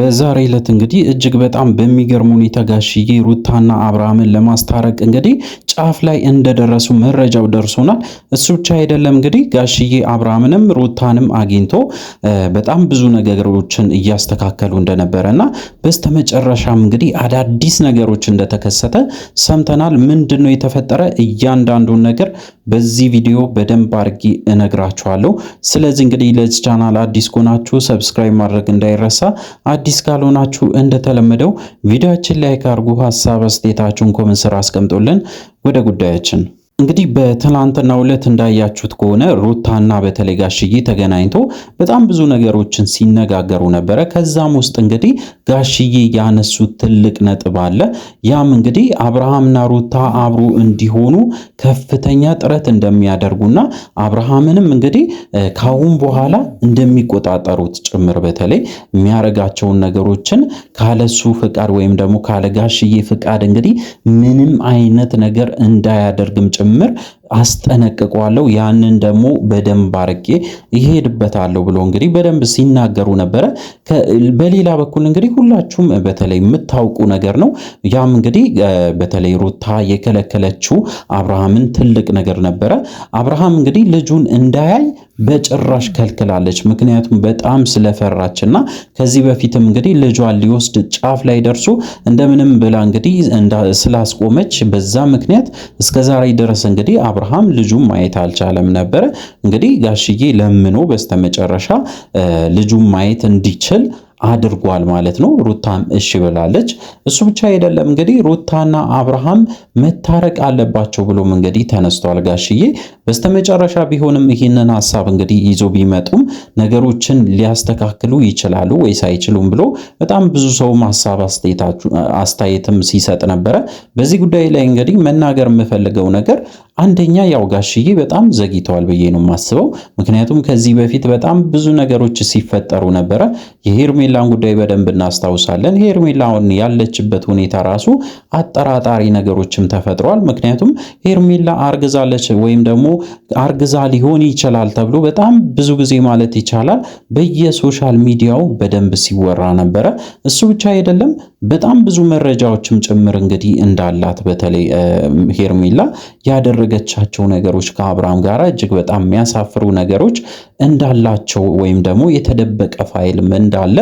በዛሬ ዕለት እንግዲህ እጅግ በጣም በሚገርም ሁኔታ ጋሽዬ ሩታና አብርሃምን ለማስታረቅ እንግዲህ ጫፍ ላይ እንደደረሱ መረጃው ደርሶናል። እሱ ብቻ አይደለም እንግዲህ ጋሽዬ አብርሃምንም ሩታንም አግኝቶ በጣም ብዙ ነገሮችን እያስተካከሉ እንደነበረና በስተመጨረሻም እንግዲህ አዳዲስ ነገሮች እንደተከሰተ ሰምተናል። ምንድነው የተፈጠረ? እያንዳንዱን ነገር በዚህ ቪዲዮ በደንብ አድርጌ እነግራችኋለሁ። ስለዚህ እንግዲህ ለዚህ ቻናል አዲስ ከሆናችሁ ሰብስክራይብ ማድረግ እንዳይረሳ አዲስ አዲስ ካልሆናችሁ እንደተለመደው ቪዲዮችን ላይክ አድርጉ፣ ሀሳብ አስተያየታችሁን ኮሜንት ስራ አስቀምጡልን። ወደ ጉዳያችን እንግዲህ በትላንትናው ዕለት እንዳያችሁት ከሆነ ሩታና በተለይ ጋሽዬ ተገናኝቶ በጣም ብዙ ነገሮችን ሲነጋገሩ ነበረ። ከዛም ውስጥ እንግዲህ ጋሽዬ ያነሱት ትልቅ ነጥብ አለ። ያም እንግዲህ አብርሃምና ሩታ አብሮ እንዲሆኑ ከፍተኛ ጥረት እንደሚያደርጉና አብርሃምንም እንግዲህ ካሁን በኋላ እንደሚቆጣጠሩት ጭምር በተለይ የሚያረጋቸውን ነገሮችን ካለሱ ፍቃድ ወይም ደግሞ ካለ ጋሽዬ ፍቃድ እንግዲህ ምንም አይነት ነገር እንዳያደርግም ጭምር ጭምር አስጠነቅቀዋለሁ ያንን ደግሞ በደንብ አርቄ ይሄድበታለሁ ብሎ እንግዲህ በደንብ ሲናገሩ ነበረ። በሌላ በኩል እንግዲህ ሁላችሁም በተለይ የምታውቁ ነገር ነው። ያም እንግዲህ በተለይ ሩታ የከለከለችው አብርሃምን ትልቅ ነገር ነበረ። አብርሃም እንግዲህ ልጁን እንዳያይ በጭራሽ ከልክላለች። ምክንያቱም በጣም ስለፈራች እና ከዚህ በፊትም እንግዲህ ልጇን ሊወስድ ጫፍ ላይ ደርሶ እንደምንም ብላ እንግዲህ ስላስቆመች በዛ ምክንያት እስከዛሬ ድረስ እንግዲህ አብርሃም ልጁም ማየት አልቻለም ነበረ። እንግዲህ ጋሽዬ ለምኖ በስተመጨረሻ ልጁም ማየት እንዲችል አድርጓል ማለት ነው። ሩታም እሺ ብላለች። እሱ ብቻ አይደለም እንግዲህ ሩታና አብርሃም መታረቅ አለባቸው ብሎም እንግዲህ ተነስቷል ጋሽዬ። በስተመጨረሻ ቢሆንም ይህንን ሀሳብ እንግዲህ ይዞ ቢመጡም ነገሮችን ሊያስተካክሉ ይችላሉ ወይስ አይችሉም ብሎ በጣም ብዙ ሰውም ሀሳብ አስተያየትም ሲሰጥ ነበረ። በዚህ ጉዳይ ላይ እንግዲህ መናገር የምፈልገው ነገር አንደኛ ያው ጋሽዬ በጣም ዘግይተዋል ብዬ ነው የማስበው። ምክንያቱም ከዚህ በፊት በጣም ብዙ ነገሮች ሲፈጠሩ ነበረ። የሄርሜላን ጉዳይ በደንብ እናስታውሳለን። ሄርሜላውን ያለችበት ሁኔታ ራሱ አጠራጣሪ ነገሮችም ተፈ ፈጥሯል። ምክንያቱም ሄርሜላ አርግዛለች ወይም ደግሞ አርግዛ ሊሆን ይችላል ተብሎ በጣም ብዙ ጊዜ ማለት ይቻላል በየሶሻል ሚዲያው በደንብ ሲወራ ነበረ። እሱ ብቻ አይደለም በጣም ብዙ መረጃዎችም ጭምር እንግዲህ እንዳላት በተለይ ሄርሜላ ያደረገቻቸው ነገሮች ከአብርሃም ጋር እጅግ በጣም የሚያሳፍሩ ነገሮች እንዳላቸው ወይም ደግሞ የተደበቀ ፋይልም እንዳለ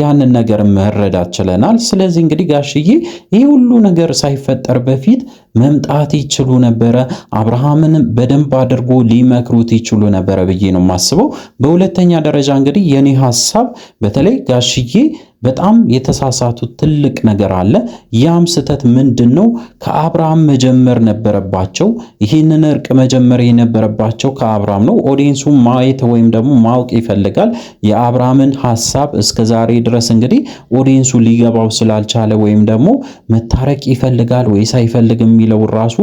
ያንን ነገር መረዳት ችለናል። ስለዚህ እንግዲህ ጋሽዬ ይህ ሁሉ ነገር ሳይፈጠር በፊት መምጣት ይችሉ ነበረ። አብርሃምን በደንብ አድርጎ ሊመክሩት ይችሉ ነበረ ብዬ ነው የማስበው። በሁለተኛ ደረጃ እንግዲህ የኔ ሀሳብ በተለይ ጋሽዬ በጣም የተሳሳቱት ትልቅ ነገር አለ። ያም ስህተት ምንድን ነው? ከአብርሃም መጀመር ነበረባቸው። ይህንን እርቅ መጀመር የነበረባቸው ከአብርሃም ነው። ኦዲየንሱ ማየት ወይም ደግሞ ማወቅ ይፈልጋል የአብርሃምን ሀሳብ። እስከ ዛሬ ድረስ እንግዲህ ኦዲየንሱ ሊገባው ስላልቻለ ወይም ደግሞ መታረቅ ይፈልጋል ወይስ አይፈልግ የሚለው ራሱ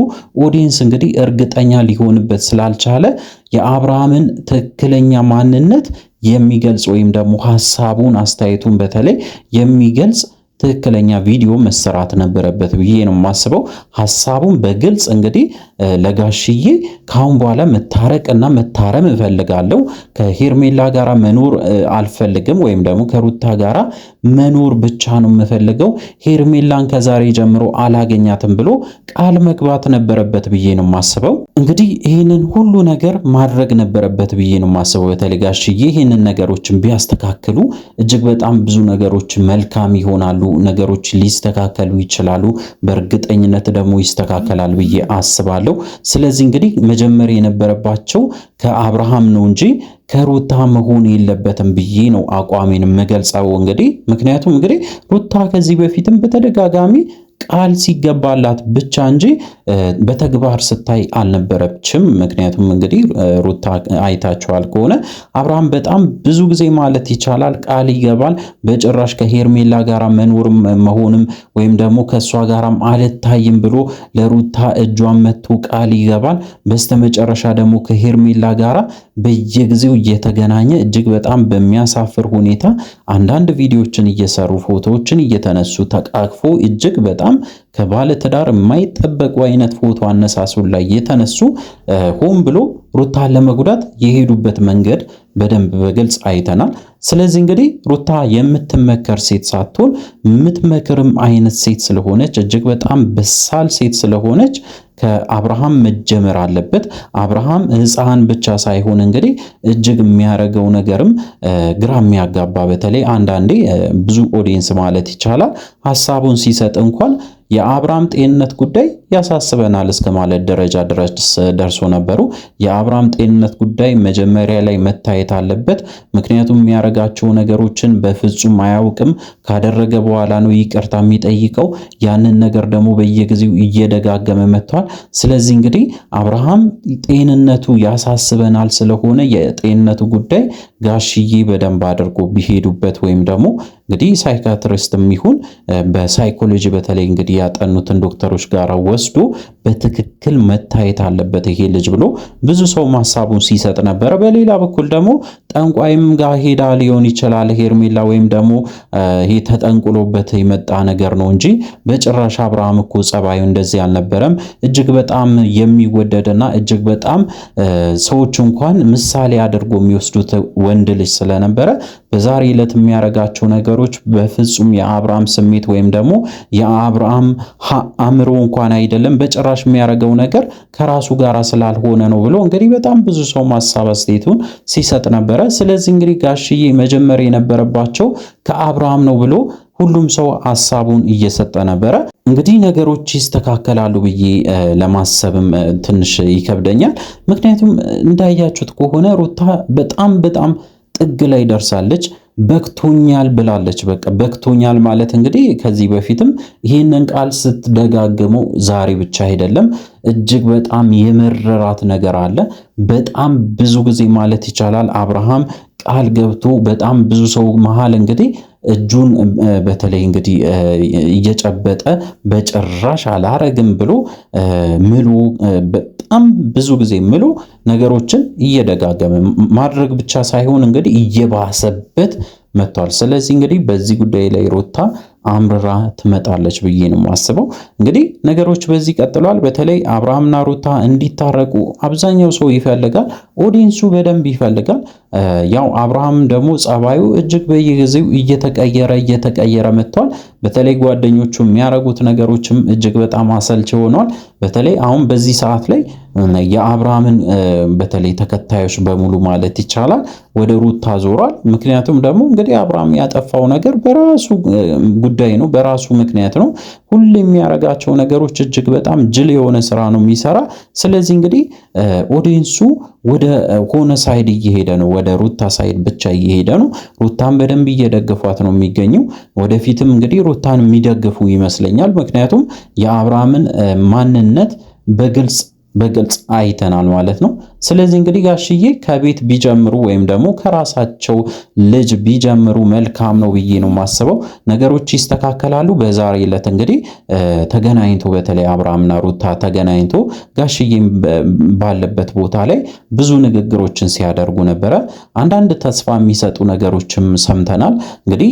ኦዲየንስ እንግዲህ እርግጠኛ ሊሆንበት ስላልቻለ የአብርሃምን ትክክለኛ ማንነት የሚገልጽ ወይም ደግሞ ሀሳቡን አስተያየቱን በተለይ የሚገልጽ ትክክለኛ ቪዲዮ መሰራት ነበረበት ብዬ ነው የማስበው። ሀሳቡን በግልጽ እንግዲህ ለጋሽዬ ካሁን በኋላ መታረቅና መታረም እፈልጋለሁ፣ ከሄርሜላ ጋር መኖር አልፈልግም፣ ወይም ደግሞ ከሩታ ጋር መኖር ብቻ ነው የምፈልገው፣ ሄርሜላን ከዛሬ ጀምሮ አላገኛትም ብሎ ቃል መግባት ነበረበት ብዬ ነው የማስበው። እንግዲህ ይህንን ሁሉ ነገር ማድረግ ነበረበት ብዬ ነው የማስበው። በተለይ ጋሽዬ ይህንን ነገሮችን ቢያስተካክሉ እጅግ በጣም ብዙ ነገሮች መልካም ይሆናሉ ነገሮች ሊስተካከሉ ይችላሉ። በእርግጠኝነት ደግሞ ይስተካከላል ብዬ አስባለሁ። ስለዚህ እንግዲህ መጀመር የነበረባቸው ከአብርሃም ነው እንጂ ከሩታ መሆን የለበትም ብዬ ነው አቋሜን የምገልጸው። እንግዲህ ምክንያቱም እንግዲህ ሩታ ከዚህ በፊትም በተደጋጋሚ ቃል ሲገባላት ብቻ እንጂ በተግባር ስታይ አልነበረችም። ምክንያቱም እንግዲህ ሩታ አይታችኋል ከሆነ አብርሃም በጣም ብዙ ጊዜ ማለት ይቻላል ቃል ይገባል፣ በጭራሽ ከሄርሜላ ጋር መኖርም መሆንም ወይም ደግሞ ከእሷ ጋራም አልታይም ብሎ ለሩታ እጇን መቶ ቃል ይገባል። በስተመጨረሻ ደግሞ ከሄርሜላ ጋራ በየጊዜው እየተገናኘ እጅግ በጣም በሚያሳፍር ሁኔታ አንዳንድ ቪዲዮዎችን እየሰሩ ፎቶዎችን እየተነሱ ተቃቅፎ እጅግ በጣም በጣም ከባለ ትዳር የማይጠበቁ አይነት ፎቶ አነሳሱን ላይ የተነሱ ሆን ብሎ ሩታን ለመጉዳት የሄዱበት መንገድ በደንብ በግልጽ አይተናል። ስለዚህ እንግዲህ ሩታ የምትመከር ሴት ሳትሆን የምትመክርም አይነት ሴት ስለሆነች እጅግ በጣም በሳል ሴት ስለሆነች ከአብርሃም መጀመር አለበት። አብርሃም ሕፃን ብቻ ሳይሆን እንግዲህ እጅግ የሚያደርገው ነገርም ግራ የሚያጋባ በተለይ አንዳንዴ ብዙ ኦዲየንስ ማለት ይቻላል ሀሳቡን ሲሰጥ እንኳን የአብርሃም ጤንነት ጉዳይ ያሳስበናል እስከ ማለት ደረጃ ድረስ ደርሶ ነበሩ። የአብርሃም ጤንነት ጉዳይ መጀመሪያ ላይ መታየት አለበት። ምክንያቱም የሚያደርጋቸው ነገሮችን በፍጹም አያውቅም። ካደረገ በኋላ ነው ይቅርታ የሚጠይቀው። ያንን ነገር ደግሞ በየጊዜው እየደጋገመ መጥቷል። ስለዚህ እንግዲህ አብርሃም ጤንነቱ ያሳስበናል ስለሆነ የጤንነቱ ጉዳይ ጋሽዬ በደንብ አድርጎ ቢሄዱበት ወይም ደግሞ እንግዲህ ሳይካትሪስትም ይሁን በሳይኮሎጂ በተለይ እንግዲህ ያጠኑትን ዶክተሮች ጋር ወስዶ በትክክል መታየት አለበት ይሄ ልጅ ብሎ ብዙ ሰው ሀሳቡን ሲሰጥ ነበረ። በሌላ በኩል ደግሞ ጠንቋይም ጋር ሄዳ ሊሆን ይችላል ሄርሜላ፣ ወይም ደግሞ ይሄ ተጠንቁሎበት የመጣ ነገር ነው እንጂ በጭራሽ አብርሃም እኮ ጸባዩ እንደዚህ አልነበረም። እጅግ በጣም የሚወደድና እጅግ በጣም ሰዎች እንኳን ምሳሌ አድርጎ የሚወስዱት ወንድ ልጅ ስለነበረ በዛሬ ዕለት የሚያደርጋቸው ነገሮች በፍጹም የአብርሃም ስሜት ወይም ደግሞ የአብርሃም አእምሮ እንኳን አይደለም በጭራሽ የሚያደርገው ነገር ከራሱ ጋር ስላልሆነ ነው ብሎ እንግዲህ በጣም ብዙ ሰው ማሳብ አስተያየቱን ሲሰጥ ነበረ። ስለዚህ እንግዲህ ጋሽዬ መጀመር የነበረባቸው ከአብርሃም ነው ብሎ ሁሉም ሰው ሀሳቡን እየሰጠ ነበረ። እንግዲህ ነገሮች ይስተካከላሉ ብዬ ለማሰብም ትንሽ ይከብደኛል። ምክንያቱም እንዳያችሁት ከሆነ ሩታ በጣም በጣም ጥግ ላይ ደርሳለች። በክቶኛል ብላለች። በቃ በክቶኛል ማለት እንግዲህ ከዚህ በፊትም ይህንን ቃል ስትደጋግመው ዛሬ ብቻ አይደለም፣ እጅግ በጣም የመረራት ነገር አለ። በጣም ብዙ ጊዜ ማለት ይቻላል አብርሃም ቃል ገብቶ በጣም ብዙ ሰው መሃል እንግዲህ እጁን በተለይ እንግዲህ እየጨበጠ በጭራሽ አላረግም ብሎ ምሉ። በጣም ብዙ ጊዜ ምሎ ነገሮችን እየደጋገመ ማድረግ ብቻ ሳይሆን እንግዲህ እየባሰበት መጥቷል። ስለዚህ እንግዲህ በዚህ ጉዳይ ላይ ሩታ አምርራ ትመጣለች ብዬ ነው የማስበው። እንግዲህ ነገሮች በዚህ ቀጥሏል። በተለይ አብርሃምና ሩታ እንዲታረቁ አብዛኛው ሰው ይፈልጋል፣ ኦዲንሱ በደንብ ይፈልጋል። ያው አብርሃም ደግሞ ጸባዩ እጅግ በየጊዜው እየተቀየረ እየተቀየረ መጥቷል። በተለይ ጓደኞቹ የሚያረጉት ነገሮችም እጅግ በጣም አሰልች ሆኗል። በተለይ አሁን በዚህ ሰዓት ላይ የአብርሃምን በተለይ ተከታዮች በሙሉ ማለት ይቻላል ወደ ሩታ ዞሯል። ምክንያቱም ደግሞ እንግዲህ አብርሃም ያጠፋው ነገር በራሱ ጉዳይ ነው፣ በራሱ ምክንያት ነው። ሁሉ የሚያረጋቸው ነገሮች እጅግ በጣም ጅል የሆነ ስራ ነው የሚሰራ። ስለዚህ እንግዲህ ኦዲንሱ ወደ ሆነ ሳይድ እየሄደ ነው፣ ወደ ሩታ ሳይድ ብቻ እየሄደ ነው። ሩታን በደንብ እየደገፏት ነው የሚገኘው። ወደፊትም እንግዲህ ሩታን የሚደግፉ ይመስለኛል። ምክንያቱም የአብርሃምን ማንነት በግልጽ በግልጽ አይተናል ማለት ነው። ስለዚህ እንግዲህ ጋሽዬ ከቤት ቢጀምሩ ወይም ደግሞ ከራሳቸው ልጅ ቢጀምሩ መልካም ነው ብዬ ነው የማስበው። ነገሮች ይስተካከላሉ። በዛሬ ዕለት እንግዲህ ተገናኝቶ በተለይ አብርሃምና ሩታ ተገናኝቶ ጋሽዬም ባለበት ቦታ ላይ ብዙ ንግግሮችን ሲያደርጉ ነበረ። አንዳንድ ተስፋ የሚሰጡ ነገሮችም ሰምተናል። እንግዲህ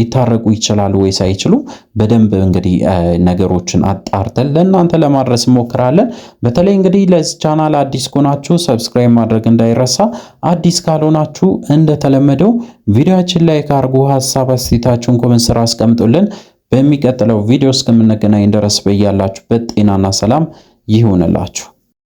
ሊታረቁ ይችላሉ ወይስ አይችሉም? በደንብ እንግዲህ ነገሮችን አጣርተን ለእናንተ ለማድረስ ሞክራል እንችላለን። በተለይ እንግዲህ ለዚህ ቻናል አዲስ ከሆናችሁ ሰብስክራይብ ማድረግ እንዳይረሳ፣ አዲስ ካልሆናችሁ እንደተለመደው ቪዲዮችን ላይ ካርጉ ሀሳብ አስተያየታችሁን ኮመንት ስራ አስቀምጡልን። በሚቀጥለው ቪዲዮ እስከምንገናኝ ድረስ በያላችሁበት ጤናና ሰላም ይሁንላችሁ።